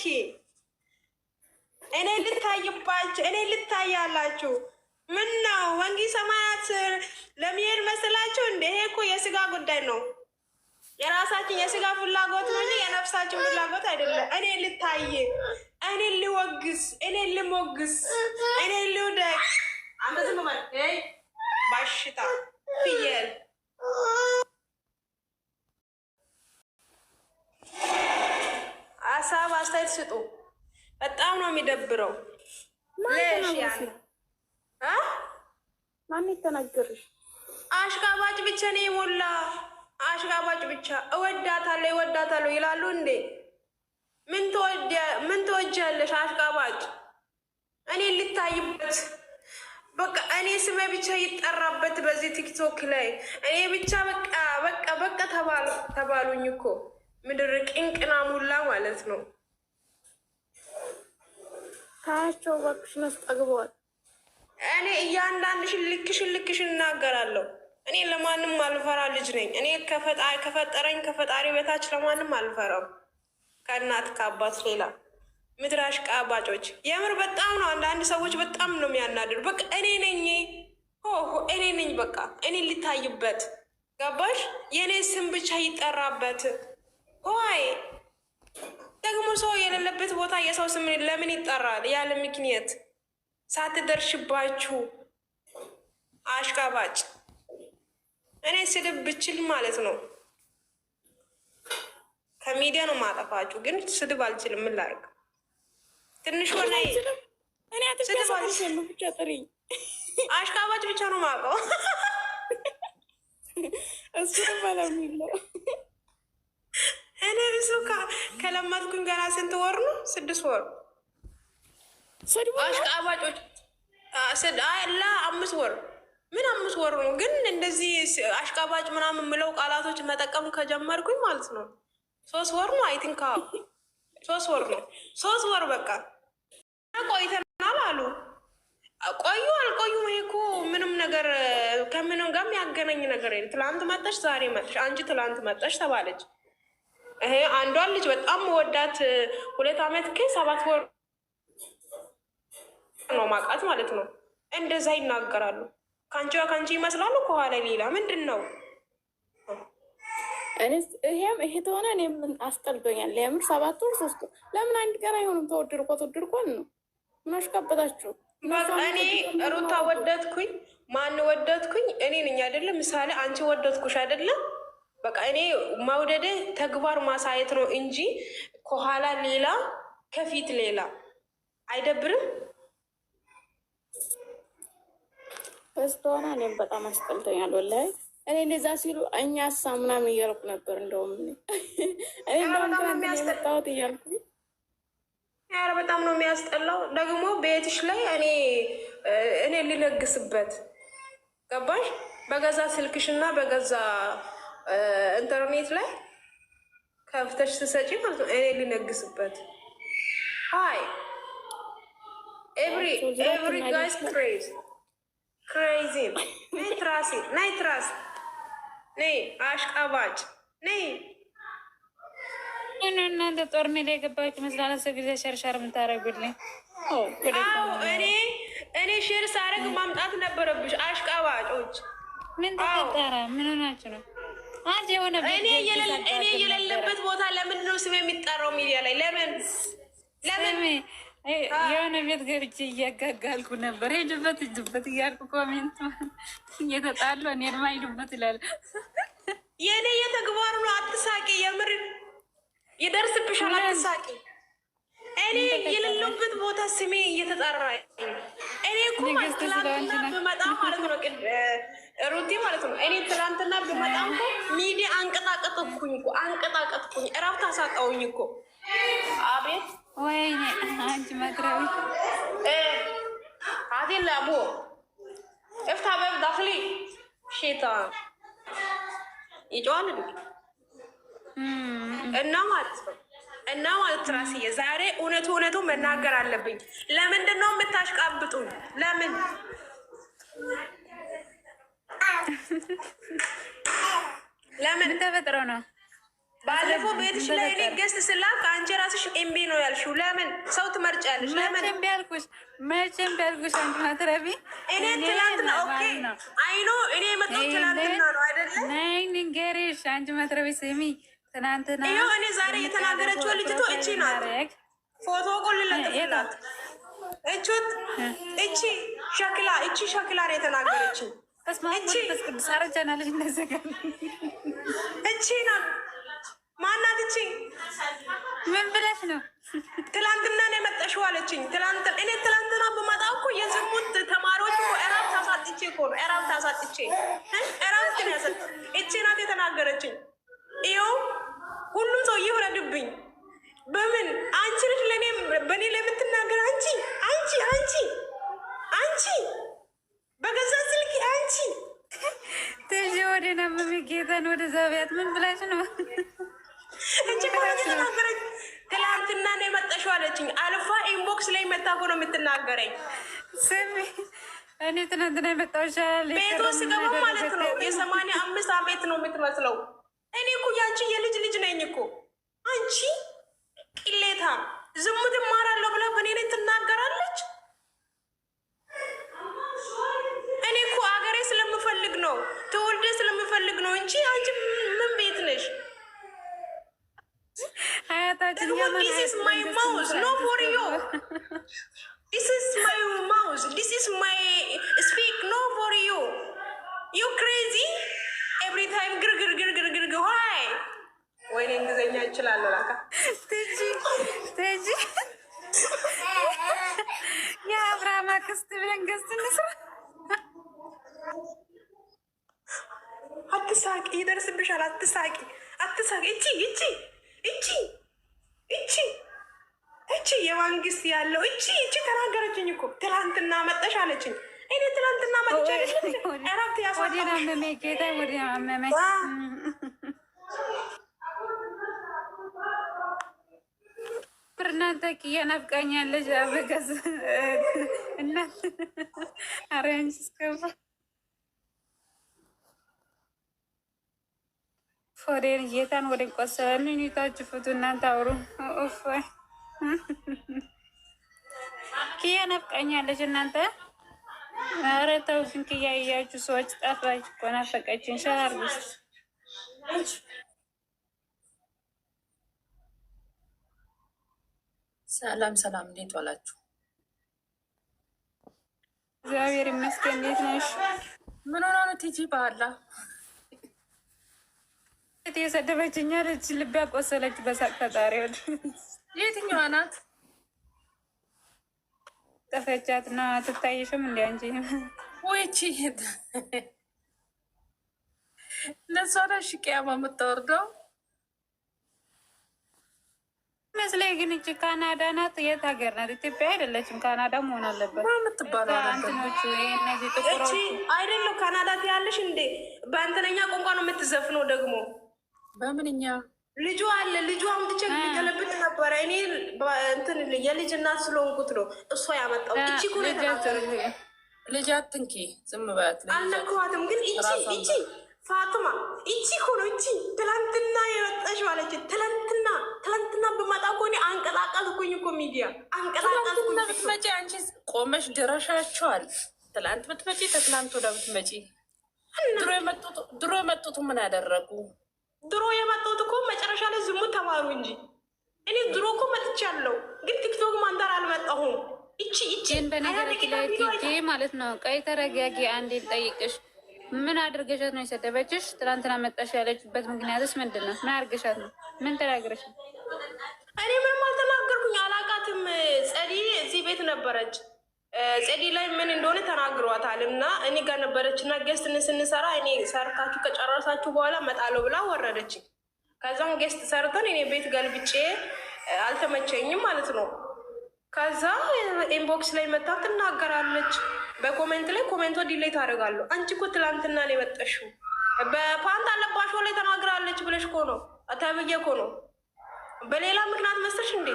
እስኪ እኔ ልታይባችሁ፣ እኔ ልታያላችሁ። ምን ነው ወንጊ ሰማያት ለሚሄድ መስላችሁ? እንደ ይሄ እኮ የስጋ ጉዳይ ነው። የራሳችን የስጋ ፍላጎት ነው እንጂ የነፍሳችን ፍላጎት አይደለም። እኔ ልታይ፣ እኔ ልወግስ፣ እኔ ልሞግስ፣ እኔ ልውደቅ። አንተ ዝም በል ባሽታ ፍየል አስተያየት ስጡ። በጣም ነው የሚደብረው። ማን ተናገርሽ? አሽቃባጭ ብቻ ነው የሞላ አሽቃባጭ ብቻ። እወዳታለሁ እወዳታለሁ ይላሉ እንዴ! ምን ትወጃለሽ? አሽቃባጭ እኔ ልታይበት በቃ እኔ ስሜ ብቻ ይጠራበት በዚህ ቲክቶክ ላይ እኔ ብቻ በቃ በቃ በቃ ተባሉኝ እኮ ምድር ቅንቅና ሙላ ማለት ነው። ታያቸው እባክሽ፣ ጠግበዋል። እኔ እያንዳንድሽን ልክሽን ልክሽን እናገራለሁ። እኔ ለማንም አልፈራ ልጅ ነኝ። እኔ ከፈጠረኝ ከፈጣሪ በታች ለማንም አልፈራም፣ ከእናት ከአባት ሌላ። ምድራሽ ቃባጮች፣ የምር በጣም ነው። አንዳንድ ሰዎች በጣም ነው የሚያናድዱ። በቃ እኔ ነኝ ሆሆ፣ እኔ ነኝ በቃ እኔ ልታይበት ገባሽ? የእኔ ስም ብቻ ይጠራበት ይ። ደግሞ ሰው የሌለበት ቦታ የሰው ስም ለምን ይጠራል? ያለ ምክንያት ሳትደርሽባችሁ አሽቃባጭ። እኔ ስድብ ብችል ማለት ነው ከሚዲያ ነው ማጠፋችሁ፣ ግን ስድብ አልችልም። ምን ላድርግ? ትንሽ ሆነ አሽቃባጭ ብቻ ነው የማውቀው እሱ እኔ ብዙ ከለመድኩኝ ገና ስንት ወር ነው? ስድስት ወር አሽቃባጮች ላ አምስት ወር ምን አምስት ወር ነው። ግን እንደዚህ አሽቃባጭ ምናምን የምለው ቃላቶች መጠቀም ከጀመርኩኝ ማለት ነው ሶስት ወር ነው። አይቲንክ ሶስት ወር ነው። ሶስት ወር በቃ ቆይተናል አሉ። ቆዩ አልቆዩም፣ ይሄ እኮ ምንም ነገር ከምንም ጋር የሚያገናኝ ነገር የለም። ትላንት መጣሽ፣ ዛሬ መጣሽ፣ አንቺ ትላንት መጣሽ ተባለች። ይሄ አንዷን ልጅ በጣም ወዳት ሁለት ዓመት ከሰባት ወር ነው ማውቃት ማለት ነው። እንደዛ ይናገራሉ። ከአንቺዋ ከአንቺ ይመስላሉ። ከኋላ ሌላ ምንድን ነው? ይሄም ይሄ ተሆነ ምን አስጠልቶኛል። ለምር ሰባት ወር ሶስት ለምን አንድ ቀን አይሆንም? ተወድርቆ ተወድርቆን ነው ምን አሽቀበታችሁ? እኔ ሩታ ወደትኩኝ ማን ወደትኩኝ? እኔ ነኝ አይደለም ምሳሌ አንቺ ወደትኩሽ አይደለም በቃ እኔ መውደድህ ተግባር ማሳየት ነው እንጂ ከኋላ ሌላ ከፊት ሌላ አይደብርም። እስተሆነ እኔም በጣም አስጠልተኛል። ወላሂ። እኔ እንደዛ ሲሉ እኛ ሳ ምናምን እያልኩ ነበር። እንደውም እኔ እያልኩ ኧረ በጣም ነው የሚያስጠላው። ደግሞ ቤትሽ ላይ እኔ እኔ ልለግስበት ገባሽ በገዛ ስልክሽ እና በገዛ ኢንተርኔት ላይ ከፍተሽ ስሰጪ ማለት ነው። እኔ ልነግስበት ሀይ ኤቭሪ ኤቭሪ ጋይስ ክሬዝ ክሬዚ ነይ ትራሲ ናይ ትራስ ነይ አሽቃባጭ ነይ እናንተ ጦር ሜዳ የገባችሁ መስላለ ሰው ጊዜ ሸርሸር የምታደርጉልኝ እኔ እኔ ሼር ሳደርግ ማምጣት ነበረብሽ። አሽቃባጮች ምን ተፈጠረ? ምን ሆናችሁ ነው? የሆነ እኔ የሌለበት ቦታ ለምንድን ነው ስም የሚጠራው ሚዲያ ላይ? ለምን ለምን? የሆነ ቤት ገብቼ እያጋጋልኩ ነበር። ሄድበት እጅበት እያልኩ ኮሜንት እየተጣሉ እኔ ድማ ሄድበት ይላል። የእኔ የተግባር ነው። አትሳቂ፣ የምር ይደርስብሻል። አትሳቂ። እኔ የሌለበት ቦታ ስሜ እየተጠራ እኔ እኮ ማስክላትና በመጣ ማለት ነው ሩቲ ማለት ነው። እኔ ትላንትና ብመጣ እኮ ሚዲያ አንቀጣቀጥኩኝ እኮ አንቀጣቀጥኩኝ፣ እረፍት አሳጣውኝ እኮ። አቤት ወይኔ አንቺ መቅረቢ አዲ ላቡ እፍታ በብ ዳክሊ ሼጣን ይጫዋል እና ማለት ነው እና ማለት ራስዬ ዛሬ እውነቱ እውነቱ መናገር አለብኝ። ለምንድን ነው የምታሽቃብጡኝ? ለምን ለምን ተፈጥሮ ነው? ባለፈው ቤትሽ ላይ እኔ ገስት ስላክ አንቺ ራስሽ ኤምቢ ነው ያልሽው። ለምን ሰው ትመርጫለሽ? ለምን ያልኩሽ? መቼም ቢያልኩሽ አንቺ ማትረቢ እኔ ትላንትና ኦኬ አይኖ እኔ የመጣው ትላንትና ነው አይደለ? ነይ ንገሪሽ አንቺ ማትረቢ ስሚ ትናንትና ይኸው እኔ ዛሬ የተናገረችው ልጅቶ እቺ ናት። ፎቶ ቆልለት እቺ ሸክላ እቺ ሸክላ የተናገረችው ማናት እቺ? ምን ብለሽ ነው? ትላንትና ነው የመጣሽው አለችኝ። እኔ ትላንትና ብመጣ እኮ የዝሙት ተማሪዎች እራፍት አሳጥቼ እኮ ነው እራፍት አሳጥቼ እራፍት ነው ያሰጥ እቺ ናት የተናገረችኝ። ይኸው ሁሉም ሰው ይውረድብኝ። በምን አንቺ ነሽ ለእኔ በእኔ ላይ አንቺ አንቺ አንቺ አንቺ ሬና ብቢ ጌታን ወደ ዛቢያት ምን ብላሽ ነው እንጂ ተናገረኝ። ትላንትና ነው የመጣሽው አለችኝ። አልፋ ኢንቦክስ ላይ መታ እኮ ነው የምትናገረኝ። ስሚ እኔ ትናንትና የመጣሁሽ ቤት ውስጥ ገባ ማለት ነው። የሰማንያ አምስት አመት ነው የምትመስለው። እኔ እኮ ያንቺ የልጅ ልጅ ነኝ እኮ አንቺ ቅሌታ ዝሙት እማራለሁ ብላ በእኔ ላይ ትናገራለች። ነው ተወልደ ስለምፈልግ ነው እንጂ አንቺ ምን ቤት ነሽ? ወይኔ እንግሊዝኛ ይችላል ላካ የአብርሃም አክስት ብለን ገዝት እንስራ አትሳቂ፣ ይደርስብሻል። አትሳቂ፣ አትሳቂ። እቺ እቺ እቺ እቺ እቺ የመንግስት ያለው እቺ እቺ ተናገረችኝ እኮ ትላንትና መጠሽ አለችኝ። እኔ ትላንትና መጥቻለች። እረፍት ያስወጣ እናንተ ኪያ ናፍቃኛለች። አበገዝ እናንተ አረንጅ ስከባ ፎሬን ጌታን ወደ ቆሰበን ኒታችሁ ፍቱ እናንተ አውሩ። ክያ ናፍቃኛለች እናንተ። ኧረ ተው ግን ክያ እያችሁ ሰዎች ጠፋች እኮ ናፈቀችን። ሸር ሰላም ሰላም፣ እንዴት ዋላችሁ? እግዚአብሔር ይመስገን። እንዴት ነሽ? ምን ሆና ነው ቲጂ በአላ የሰደበችኛ ልጅ ልብ ያቆሰለች በሳቅ ፈጣሪ ወድ የትኛዋ ናት? ጠፈቻት ና ትታይሽም እንዲ አንቺ ወይቺ እነሷ ና ሽቅያማ የምታወርደው መስለኝ ግን እች ካናዳ ናት። የት ሀገር ናት? ኢትዮጵያ አይደለችም። ካናዳ መሆን አለበት ምትባለው አይደለም። ካናዳ ትያለሽ እንዴ? በእንትነኛ ቋንቋ ነው የምትዘፍነው ደግሞ በምንኛ ልጁ አለ ልጁ አምጥቼ ገለብጥ ነበረ። እኔ እንትን የልጅ እናት ስለሆንኩት ነው እሷ ያመጣው። እቺ እኮ ነው የተናገረችው። ልጅ አትንኪ፣ ዝም በያት። አልነካኋትም፣ ግን እቺ እቺ ፋጥማ እቺ እኮ ነው እቺ ትላንትና የወጣሽ ማለች። ትላንትና ትላንትና በመጣ እኮ እኔ አንቀላቀልኩኝ እኮ ሚዲያ አንቀላቀልኩኝ። ብትመጪ አንቺ ቆመሽ ድረሻቸዋል። ትላንት ብትመጪ፣ ተትላንት ወደ ብትመጪ፣ ድሮ የመጡት ምን አደረጉ? ድሮ የመጣሁት እኮ መጨረሻ ላይ ዝሙት ተማሩ እንጂ እኔ ድሮ እኮ መጥቻለሁ፣ ግን ቲክቶክ ማንዳር አልመጣሁም። እቺ እቺ በነገራችን ላይ ማለት ነው። ቀይ ተረጋጊ፣ አንዴ ልጠይቅሽ። ምን አድርገሻት ነው የሰደበችሽ? ትናንትና መጣሽ ያለችበት ምክንያትስ ምንድን ነው? ምን አድርገሻት ነው? ምን ተናግረሽ? እኔ ምንም አልተናገርኩኝ፣ አላቃትም። ጸዲ እዚህ ቤት ነበረች ጼዲ ላይ ምን እንደሆነ ተናግሯታል። እና እኔ ጋር ነበረች እና ጌስትን ስንሰራ እኔ ሰርታችሁ ከጨረሳችሁ በኋላ መጣለው ብላ ወረደች። ከዛም ጌስት ሰርተን እኔ ቤት ገልብጬ አልተመቸኝም ማለት ነው። ከዛ ኢንቦክስ ላይ መታ ትናገራለች። በኮሜንት ላይ ኮሜንቶ ዲሌይ ታደርጋለሁ። አንቺ እኮ ትላንትና ነው የመጣሽው በፓንት አለባሽ ላይ ተናግራለች ብለሽ እኮ ነው ተብዬ እኮ ነው በሌላ ምክንያት መስልሽ እንዴ